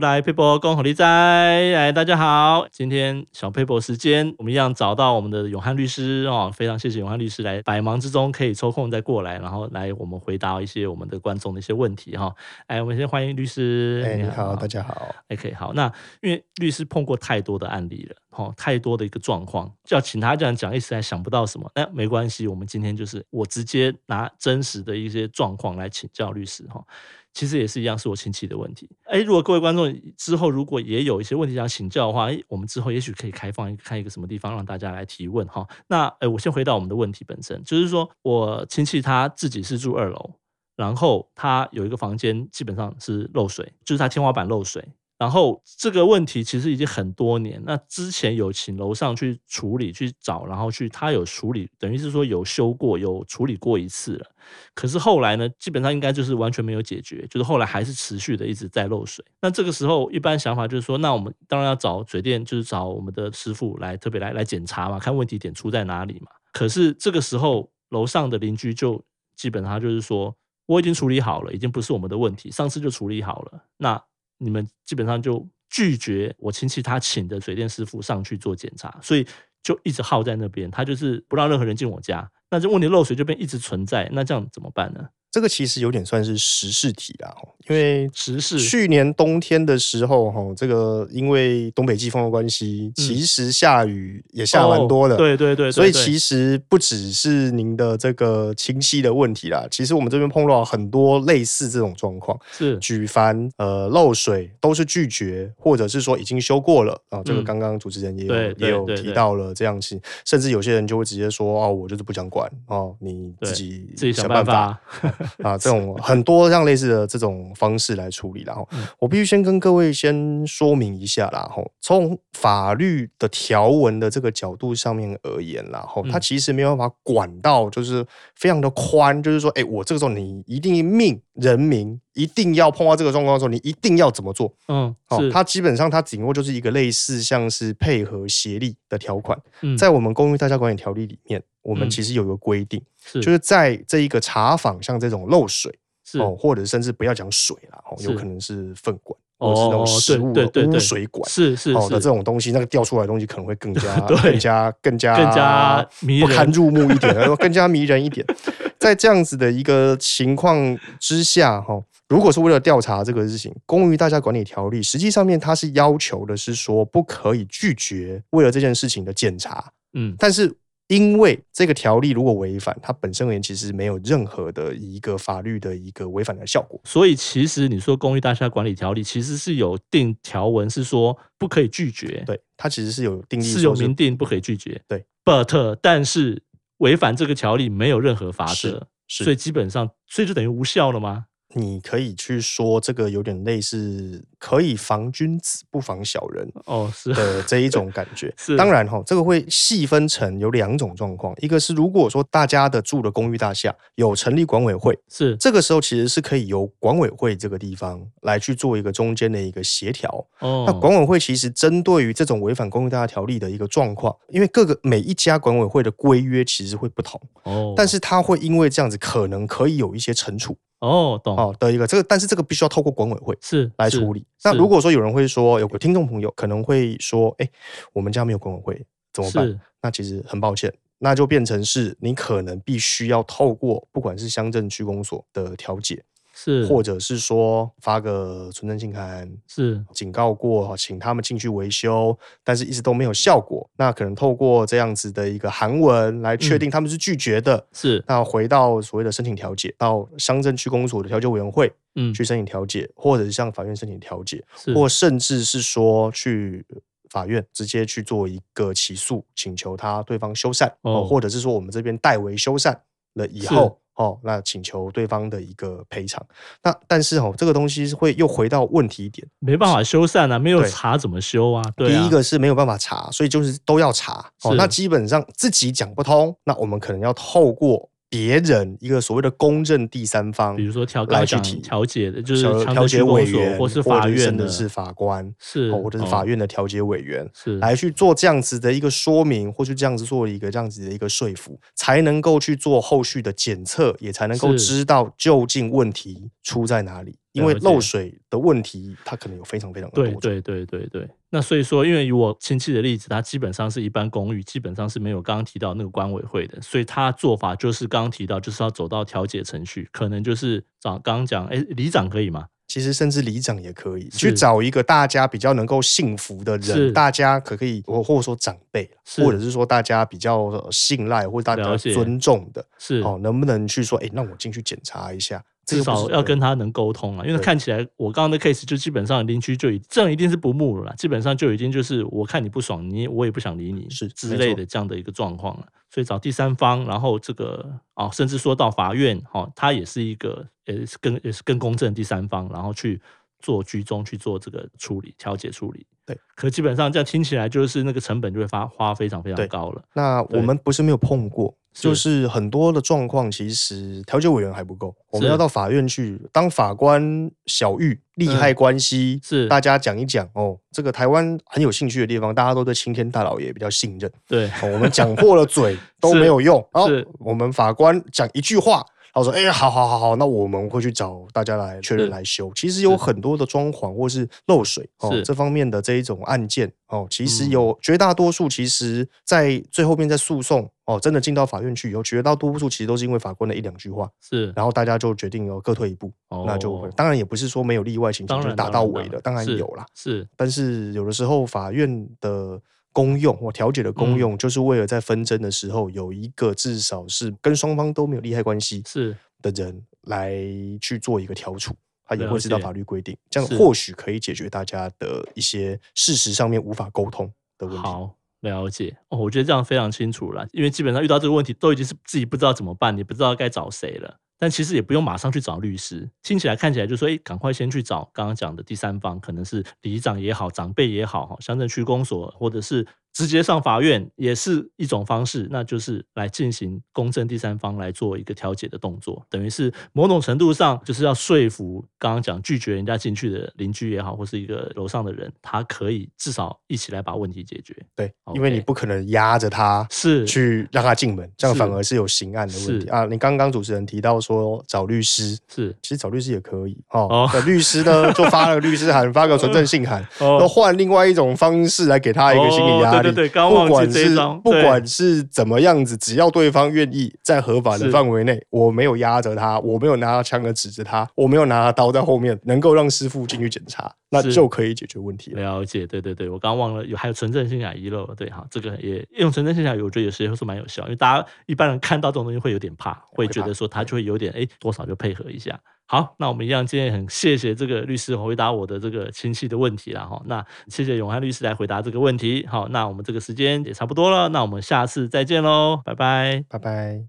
來佩 l 共好利哉！哎大家好，今天小佩柏時間，我們一樣找到我們的永漢律師哦，非常謝謝永漢律師來，百忙之中可以抽空再過來，然後來我們回答一些我們的觀眾的一些問題哈、哦。哎，我們先歡迎律師，哎，你好，你好大家好，OK，好，那因為律師碰過太多的案例了，哈、哦，太多的一個狀況，就要請他這樣講，一時還想不到什麼，那沒關係，我們今天就是我直接拿真實的一些狀況來請教律師哈。哦其實也是一樣，是我親戚的問題。哎，如果各位觀眾之後如果也有一些問題想請教的話，哎，我們之後也許可以開放一個開一個什麼地方讓大家來提問哈。那哎，我先回到我們的問題本身，就是說我親戚他自己是住二樓，然後他有一個房間基本上是漏水，就是他天花板漏水。然後這個問題其實已經很多年，那之前有請樓上去處理、去找，然後去他有處理，等於是說有修過、有處理過一次了。可是後來呢，基本上應該就是完全沒有解決，就是後來還是持續的一直在漏水。那這個時候一般想法就是說，那我們當然要找水電，就是找我們的師傅來特別來來檢查嘛，看問題點出在哪裡嘛。可是這個時候樓上的鄰居就基本上就是說，我已經處理好了，已經不是我們的問題，上次就處理好了。那你們基本上就拒絕我親戚他請的水電師傅上去做檢查，所以就一直耗在那邊。他就是不讓任何人進我家，那這問題漏水就變一直存在。那這樣怎麼辦呢？這個其實有點算是時事題啦，因為時事去年冬天的時候，哈，這個因為東北季風的關係，嗯、其實下雨也下了、哦、蠻多的，對對，對對對，所以其實不只是您的這個清晰的問題啦，其實我們這邊碰到很多類似這種狀況，是舉凡呃漏水都是拒絕，或者是說已經修過了啊、哦，這個剛剛主持人也有、嗯、對對對對也有提到了這樣子，甚至有些人就會直接說啊、哦，我就是不想管啊、哦，你自己自己對想辦法。 啊，這種很多像類似的這種方式來處理啦哈。我必須先跟各位先說明一下啦，哈。從法律的條文的這個角度上面而言啦，哈，它其實沒有辦法管到，就是非常的寬，就是說，哎，我這個時候你一定命人民一定要碰到這個狀況的時候，你一定要怎麼做？嗯，好，它基本上它只不過就是一個類似像是配合協力的條款，在我們公寓大廈管理條例裡面。我們其實有一個規定，就是在這一個查訪，像這種漏水，哦，或者甚至不要講水啦，哦，有可能是糞管，哦，對對食物的污水管是是哦的這種東西，那個掉出來的東西可能會更加更加更加更加不堪入目一點，然後更加迷人一點。在這樣子的一個情況之下，哈，如果是為了調查這個事情，《公寓大廈管理條例》實際上面它是要求的是說不可以拒絕為了這件事情的檢查，嗯，但是。因為這個條例如果違反，它本身而言其實沒有任何的一個法律的一個違反的效果。所以其實你說《公寓大廈管理條例》其實是有定條文是說不可以拒絕，對，它其實是有定義，是有明定不可以拒絕。嗯、對，but 但是違反這個條例沒有任何罰則，是，所以基本上，所以就等於無效了嗎？你可以去說，這個有點類似“可以防君子，不防小人”哦，是的這一種感覺。Oh, 是當然哈、哦，這個會細分成有兩種狀況，一個是如果說大家的住的公寓大廈有成立管委會，是這個時候其實是可以由管委會這個地方來去做一個中間的一個協調。Oh. 那管委會其實針對於這種違反公寓大廈條例的一個狀況，因為各個每一家管委會的規約其實會不同，oh. 但是它會因為這樣子可能可以有一些懲處。Oh, 哦，懂哦，對，一個這個，但是這個必須要透過管委會是來處理。那如果說有人會說，有個聽眾朋友可能會說，哎，我們家沒有管委會怎麼辦？是那其實很抱歉，那就變成是你可能必須要透過不管是鄉鎮區公所的調解。是，或者是說發個存證信函，是警告過，請他們進去維修，是但是一直都沒有效果。那可能透過這樣子的一個函文來確定他們是拒絕的。嗯、是，那回到所謂的申請調解，到鄉鎮區公所的調解委員會，去申請調解，嗯、或者是向法院申請調解，是或甚至是說去法院直接去做一個起訴，請求他對方修繕，哦、或者是說我們這邊代為修繕了以後。哦，那請求對方的一個賠償。那但是哦，這個東西是會又回到問題點，沒辦法修繕啊，沒有查怎麼修啊？對，對啊。第一個是沒有辦法查，所以就是都要查。是。哦，那基本上自己講不通，那我們可能要透過。別人一個所謂的公正第三方，比如說調解、調解的，就是調解委員，或是法院的或者是，是法官，是或者、哦、是法院的調解委員，哦、是來去做這樣子的一個說明，或是這樣子做一個這樣子的一個說服，是才能夠去做後續的檢測，也才能夠知道究竟問題出在哪裡。因為漏水的問題，它可能有非常非常多的對對對對對、對。那所以說，因為以我親戚的例子，它基本上是一般公寓，基本上是沒有剛剛提到那個管委會的，所以他做法就是剛剛提到，就是要走到調解程序，可能就是找剛，剛講，哎，里長可以嗎？其實甚至里長也可以去找一個大家比較能夠信服的人，大家可可以我或者說長輩，或者是說大家比較信賴或者大家尊重的。是。哦，能不能去說，哎，那我進去檢查一下？至少要跟他能溝通啊，因為看起來我剛剛的 case 就基本上鄰居就已經這樣，一定是不睦了，基本上就已經就是我看你不爽，你我也不想理你是之類的這樣的一個狀況了。所以找第三方，然後這個啊，甚至說到法院，哈，他也是一個呃，是更也是更公正的第三方，然後去做居中去做這個處理調解處理。對，可基本上這樣聽起來就是那個成本就會發花非常非常高了。那我們不是沒有碰過，對就是很多的狀況，其實調解委員還不夠，是我們要到法院去當法官曉諭，利害關係、嗯、是大家講一講哦。這個台灣很有興趣的地方，大家都對青天大老爺比較信任。對、哦，我們講破了嘴都沒有用。哦 是。然後我們法官講一句話。他說：“哎、欸，好好好好，那我們會去找大家來確認來修。是，其實有很多的裝潢或是漏水，是，哦，這方面的這一種案件哦，其實有絕大多數，其實在最後面在訴訟哦，真的進到法院去以後，絕大多數其實都是因為法官的一兩句話，是，然後大家就決定要各退一步，哦、那就會。當然也不是說沒有例外情況，就打到尾的，當然，當然，當然有啦。是，是。但是有的時候法院的。”功用，我調解的功用，功用就是為了在紛爭的時候，有一個至少是跟雙方都沒有利害關係是的人來去做一個調處，他也會知道法律規定，這樣或許可以解決大家的一些事實上面無法溝通的問題。好，了解哦，我覺得這樣非常清楚了，因為基本上遇到這個問題都已經是自己不知道怎麼辦，你不知道該找誰了。但其實也不用馬上去找律師，聽起來看起來就說，哎，趕快先去找剛剛講的第三方，可能是里長也好，長輩也好，哈，鄉鎮區公所或者是。直接上法院也是一種方式，那就是來進行公正第三方來做一個調解的動作，等於是某種程度上就是要說服剛剛講拒絕人家進去的鄰居也好，或是一個樓上的人，他可以至少一起來把問題解決。對，Okay 因為你不可能壓着他，是去讓他進門，是這樣反而是有刑案的問題是啊。你剛剛主持人提到說找律師，是其實找律師也可以啊。Oh. 那律師呢就發個律師函，發個存證信函，然後換，oh. oh. 另外一種方式來給他一個心理壓力。Oh. 對對，對，不管是剛忘這不管是怎麼樣子，只要對方願意在合法的範圍內，我沒有壓着他，我沒有拿槍的指着他，我沒有拿刀在後面，能夠讓師傅進去檢查，那就可以解決問題。嗯、了解，對對對，我剛忘了有還有存證信函的遺漏，對哈，這個也用存證信函，我覺得有時候是蠻有效，因為大家一般人看到這種東西會有點怕，會覺得說他就會有點哎，多少就配合一下。好，那我們一樣，今天很謝謝這個律師回答我的這個親戚的問題啦哈。那謝謝永漢律師來回答這個問題。好，那我們這個時間也差不多了，那我們下次再見嘍，拜拜，拜拜。